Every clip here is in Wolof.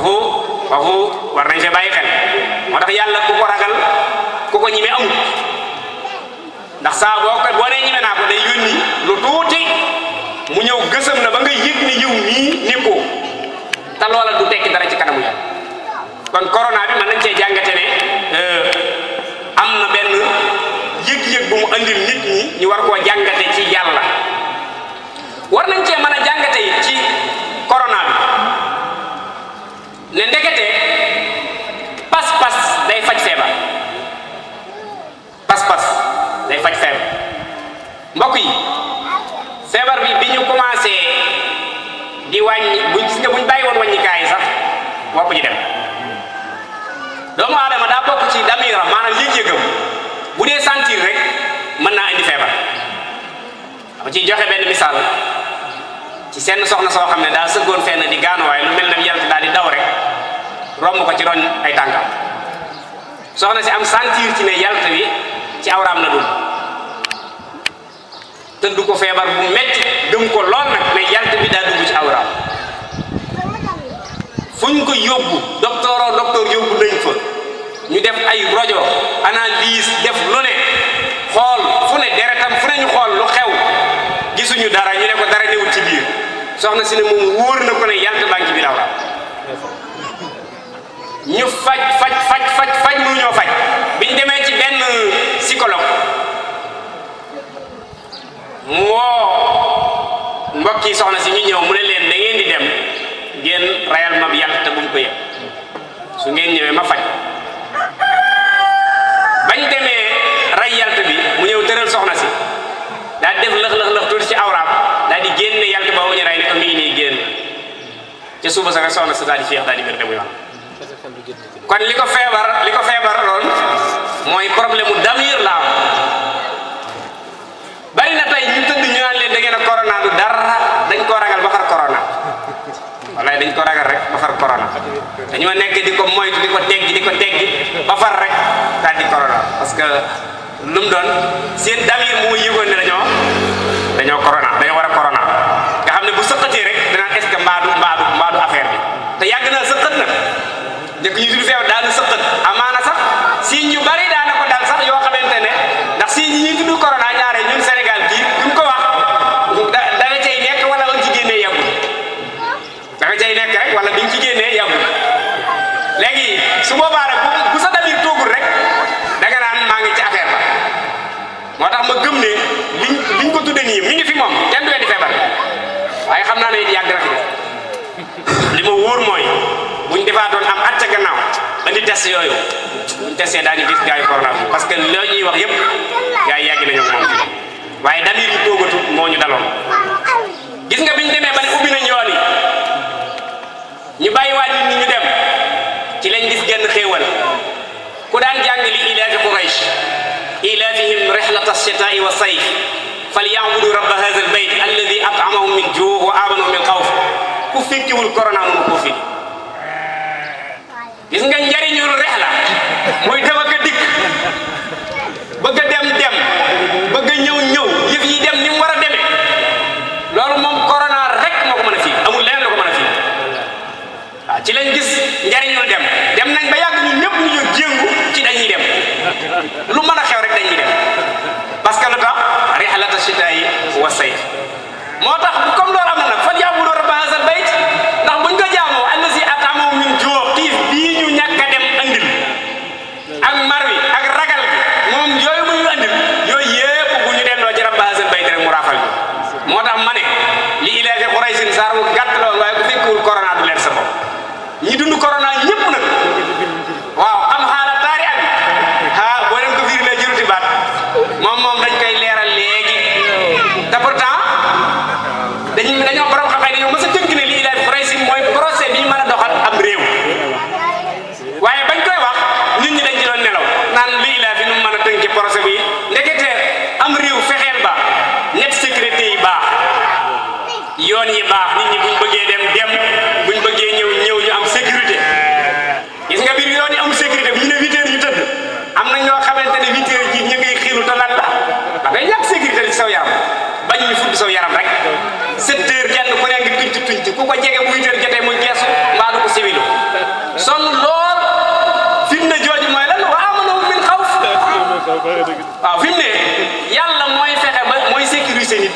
foofu foofu war nañ fee bàyyi xel moo tax yàlla ku ko ragal ku ko ñime amul ndax saa ko boo nee ñime naa ko day yónni lu tuuti mu ñëw gësëm na ba nga yëg ni yiw nii nekkoo te loola du tekki dara ci kanamu yàlla kon corona bi mën nañ cee jàngate ne euh, am na benn yëg-yëg bu mu andil nit ñi ñu war koo jàngate ci yàlla war nañ cee mën a jàngate ci ndekete pas-pas day faj feebar pas-pas day faj feebar mbokk yi feebar bi bi ñu commencé di wàññi buñ gis nga buñ bàyyi woon wàññikaay yi sax woo ko ñu dem doomu aadama daa bokk ci damiram maanaam yëg-yëgam bu dee sentir rek mën naa indi feebar dama ciy joxe benn misaal ci seen soxna soo xam ne daal sëggoon fenn di gaanuwaay lu mel ne yàlla daal di daw rek romb ko ci roñ ay tànkam soxna si am sentir ci ne yalt wi ci awraam la dul tëdd ko feebar bu metti gëm ko lool nag mais yalt bi daa dugg ci awraam fu ñu ko yóbbu docteur docteur yóbbu nañ fa ñu def ay rajo analyse def lu ne xool fu ne deretam fu ne ñu xool lu xew gisuñu dara ñu ne ko dara newul ci biir soxna si ne moom wóor na ko ne yalt baa biir awraam ñu faj faj faj faj faj mu ñëw faj biñ demee ci benn psychologue mu woo yi soxna si ñu ñëw mu ne leen da ngeen di dem ngeen rayal ma yàlla te buñ ko yëg su ngeen ñëwee ma faj bañ demee ray yalt bi mu ñëw tëral soxna si daal def lëx lëx lëx tuuti ci awraam daal di génne yalt ba mu ñu ray ne ko mi génn ca suba sa nga soxna sa daal di féex daal di wér kon li ko feebar li ko feebar lool mooy problème mu damir la bari na tey ñu tëdd ñu naan leen da ngeen a dara dañ koo ragal ba far corona wallaay dañ ko ragal rek ba far corona dañoo nekk di ko moytu di ko teggi di ko teggi ba far rek daal di corona parce que lu doon seen damir moo yëgoon ne dañoo. moo tax ma gëm ne liñ liñ ko tuddee nii mi ngi fi moom kenn du weddi feebar waaye xam naa ne it na fi li ma wóor mooy buñ defaatoon am at ca gannaaw andi test yooyu buñ testee daañu gis gars yi corona parce que loo ñuy yëpp gars yàgg nañu moom waaye dalil yi toogatu moo ñu daloon gis nga biñ demee ba ubbi nañ yoon ñu bàyyi waaj nit ñu dem ci lañ gis genn xéewal ku daan jàng li ilaafi Quraysh إيلافهم رحلة الشتاء والصيف فليعبدوا رب هذا البيت الذي أطعمهم من جوع وآمنهم من خوف ku fekkiwul corona mënu koo fekki gis nga njariñul rex la mooy te bëgg a dikk bëgg a dem dem bëgg a ñëw ñëw yëf yi dem ni mu war a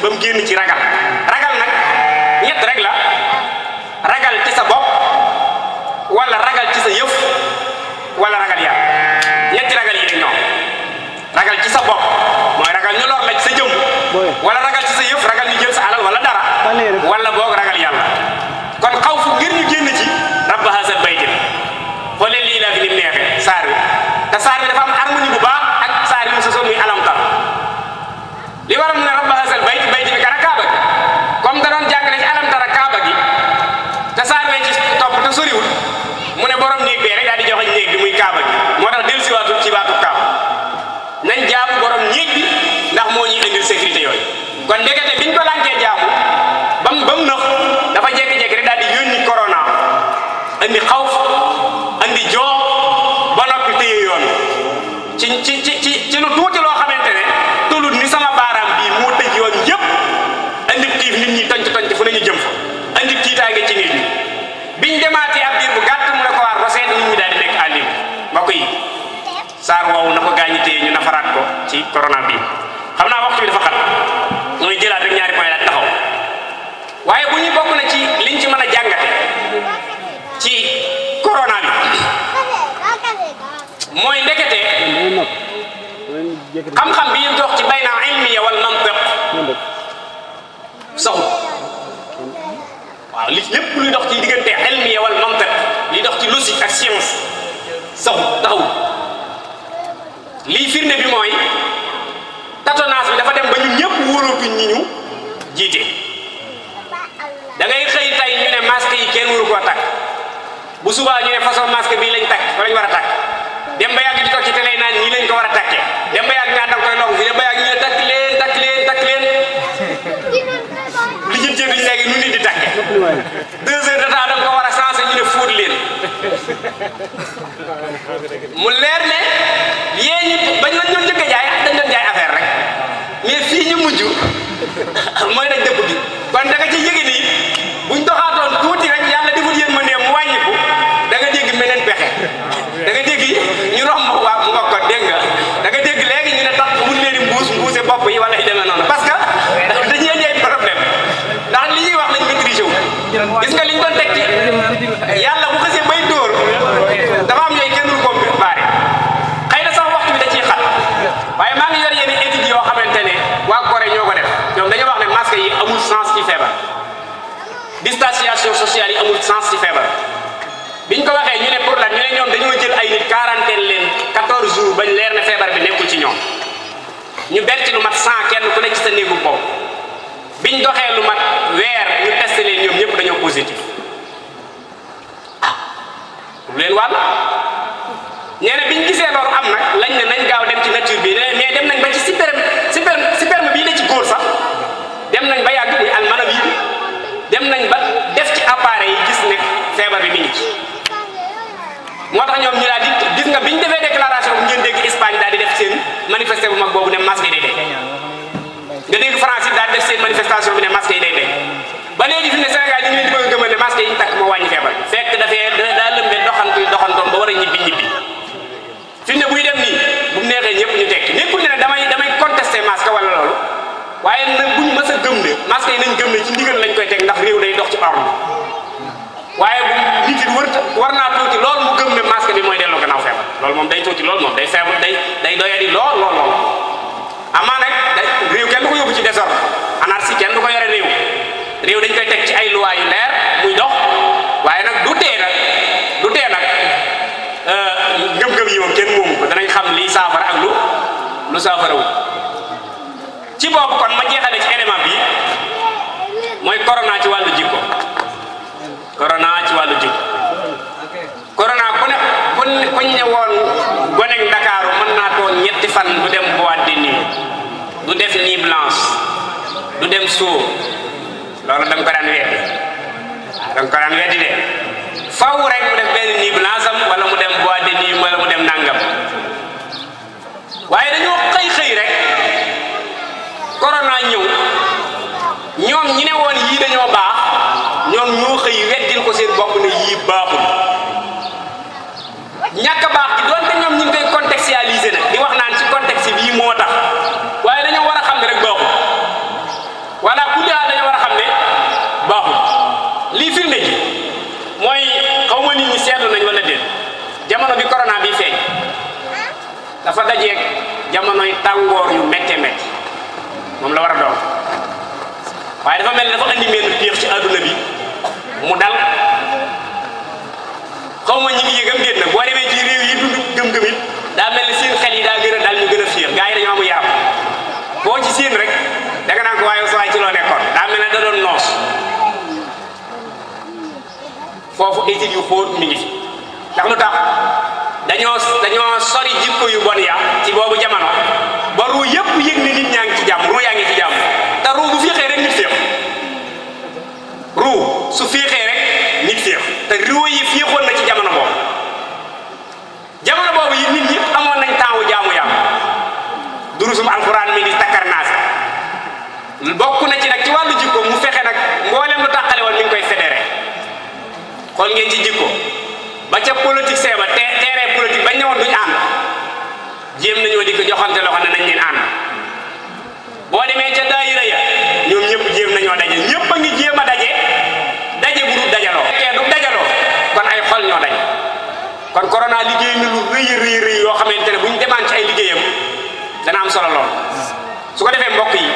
ba mu ci ragal ragal nag ñett rek la ragal ci sa bopp wala ragal ci sa yëf wala ragal yàlla ñetti ragal yi ñoom ragal ci sa bopp mooy ragal ñu lor la ci sa jëmm wala ragal ci sa yëf ragal ñu jël alal wala dara wala boog ragal yàlla kon xaw fu ngir ñu génn ci rabba hasal baytin xoolee lii laa fi lim neexee saar wi te saar wi day jaamu borom ñiit ndax moo ñuy indil sécurité yooyu kon ci corona bi xam naa waxtu bi dafa xat mooy jëlaat rek ñaari point laaj taxaw waaye bu ñu bokk na ci liñ ci mën a jàngate ci corona bi mooy ndekete xam-xam bi ñu dox ci bayna ilmiya wal mantiq saxul waaw li lépp luy dox ci diggante ilmiya wal mantiq li dox ci logique ak science saxul taxawul lii firnde bi mooy tâtonnage bi dafa dem ba ñu ñëpp wóolootuñ ñi ñu jiite da ngay xëy tay ñu ne masque yi kenn waru koo takk bu subaa ñu ne façon masque bii lañ takk fa lañ war a takk dem ba yàgg di toog ci télé naan ñii lañ ko war a takkee dem ba yàgg naan da koy ñu li ñu jënd léegi ñu nit di takkee deux de temps da ko war a sensé ñu ne fóot leen mu leer ne yéen mooy nag dëpp gi kon da nga ci yëg sociale yi amul sens ci feebar biñ ko waxee ñu ne pour la ñu ne ñoom dañoo jël ay nit quarantaine leen 14 jours bañ leer na feebar bi nekkul ci ñoom ñu ber ci lu mat 100 kenn ku nekk ci sa néegu bopp biñ doxee lu mat weer ñu testé leen ñoom ñëpp dañoo positif ah lu leen wàll nee na biñ gisee loolu am nag lañ ne nañ gaaw dem ci nature bi mais dem nañ ba ci super super superme bii la ci góor sax dem nañ ba yàgg muy almana bii dem nañ ba. feebar bi mi ngi moo tax ñoom ñu daal di gis nga bi ñu defee déclaration bu ngeen dégg Espagne daa di def seen manifester bu mag boobu ne masque yi day day nga dégg France yi daal di def seen manifestation bi ne masque yi day day ba léegi fi ne Sénégal ñu ngi leen di bëgg a gëmal daa lëmbe doxantu doxantoom ba war a ñibbi ñibbi fi ne buy dem nii bu neexee ñëpp ñu tekki nekkul ne damay damay contester masque wala loolu waaye nag buñ mës a gëm ne masque yi nañ gëm ne ñu ndigal lañ koy teg ndax réew day dox ci ordre waaye nit ki war naa tuuti lool mu gëm ne masque bi mooy dellu gannaaw feebar loolu moom day tuuti lool moom day feebar day day doyadi lool lool lool amaa nag day réew kenn du ko yóbbu ci désordre si kenn du ko yore réew réew dañ koy teg ci ay luwaa yu leer muy dox waaye nag du tee nag du tee nag euh, ngëm-ngëm yi kenn moomu ko danañ xam lii saafara ak lu lu saafarawu ci boobu kon ma jeexale ci élément bi mooy corona ci wàllu jikko corona ci wàllu jub corona ku ne ku ñu ne ndakaaru mën naa ñetti fan du dem boîte de nuit du def nuit blanche du dem soo loolu da nga ko daan weddi da nga ko de faw rek mu def benn blanche am wala mu dem boîte de nuit wala mu dem nangam waaye dañoo xëy xëy rek corona ñëw lii firnde ji mooy xaw ma nit ñi seetlu nañ wala déet jamono bi corona bi feeñ dafa dajeeg jamonoy tàngoor yu métte métti moom la war a doon waaye dafa mel ni dafa andi benn piix ci àdduna bi mu dal xaw ma ñi ngi yëgam déet na boo demee ci réew yi dund gëm-gëm foofu étude yu xóot mi ngi fi ndax lu tax dañoo dañoo sori jikko yu bon ya ci boobu jamono ba ruu yépp yëg ni nit ñaa ngi ci jàmm ruu yaa ngi ci jàmm te ruu bu fiixee rek nit féex su fiixee rek nit féex te ruu yi fiixoon na ci jamono boobu jamono boobu yi nit ñëpp amoon nañ temps wu jaamu yàlla durusum alxuraan mi ngi takkar naas bokk na ci nag ci wàllu jikko mu xool ngeen ci jikko ba ca politique see ba te teeree politique ba ñëwoon duñ ànd jéem nañoo di ko joxante loxo ne nañ leen ànd boo demee ca daayira ya ñoom ñëpp jéem nañoo daje ñëpp a ngi jéem a daje daje bu du dajaloo fekkee du dajaloo kon ay xol ñoo daje kon corona liggéey na lu rëy rëy rëy yoo xamante ne bu ñu demaan ci ay liggéeyam dana am solo lool su ko defee mbokk yi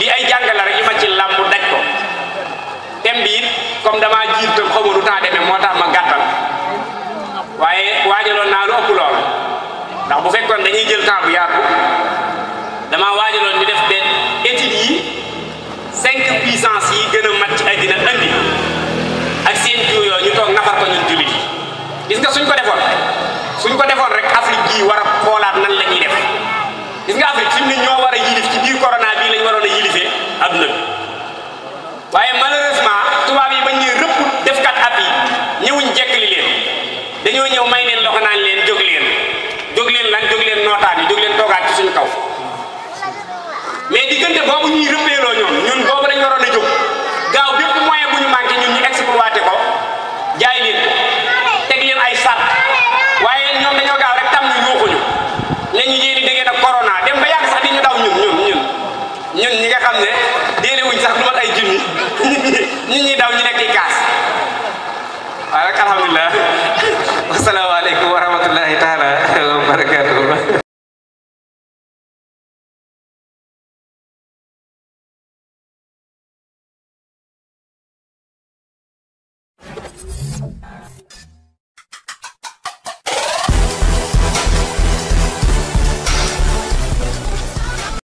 lii ay jàngal la rek yu ma ci làmb daj ko thème bi comme damaa jiit tam xaw ma lu moo tax ma gàttal waaye waajaloon naa lu ëpp lool ndax bu fekkoon dañuy jël temps bu yaatu damaa waajaloon ñu def benn étude yi cinq puissance yi gën a mat ci àddina andi ak seen jiw ñu toog nafar ko ñun jullit yi gis suñ ko defoon suñ ko defoon rek Afrique gii war a xoolaat nan la ñuy def gis nga Afrique fi mu ne ñoo war a yilif ci biir corona bii lañ waroon a yilifee adduna bi waaye dañoo ñëw may leen loxo naan leen jóg leen jóg leen la jóg leen nootaat yi jóg leen toogaat ci suñu kaw mais diggante boobu ñuy rëppeeloo ñoom ñun boobu lañ waroon a jóg gaaw bépp moyen bu ñu manqué ñun ñu exploité ko jaay leen ko teg leen ay sart waaye ñoom dañoo gaaw rek tam ñu yuuxuñu ne a corona dem ba yàgg sax di ñu daw ñun ñun ñun ñun ñi nga xam ne déelewuñ sax du ay junni ñun ñi daw ñu nekk ci kaas waaye rek alhamdulilah asalaamaaleykum wa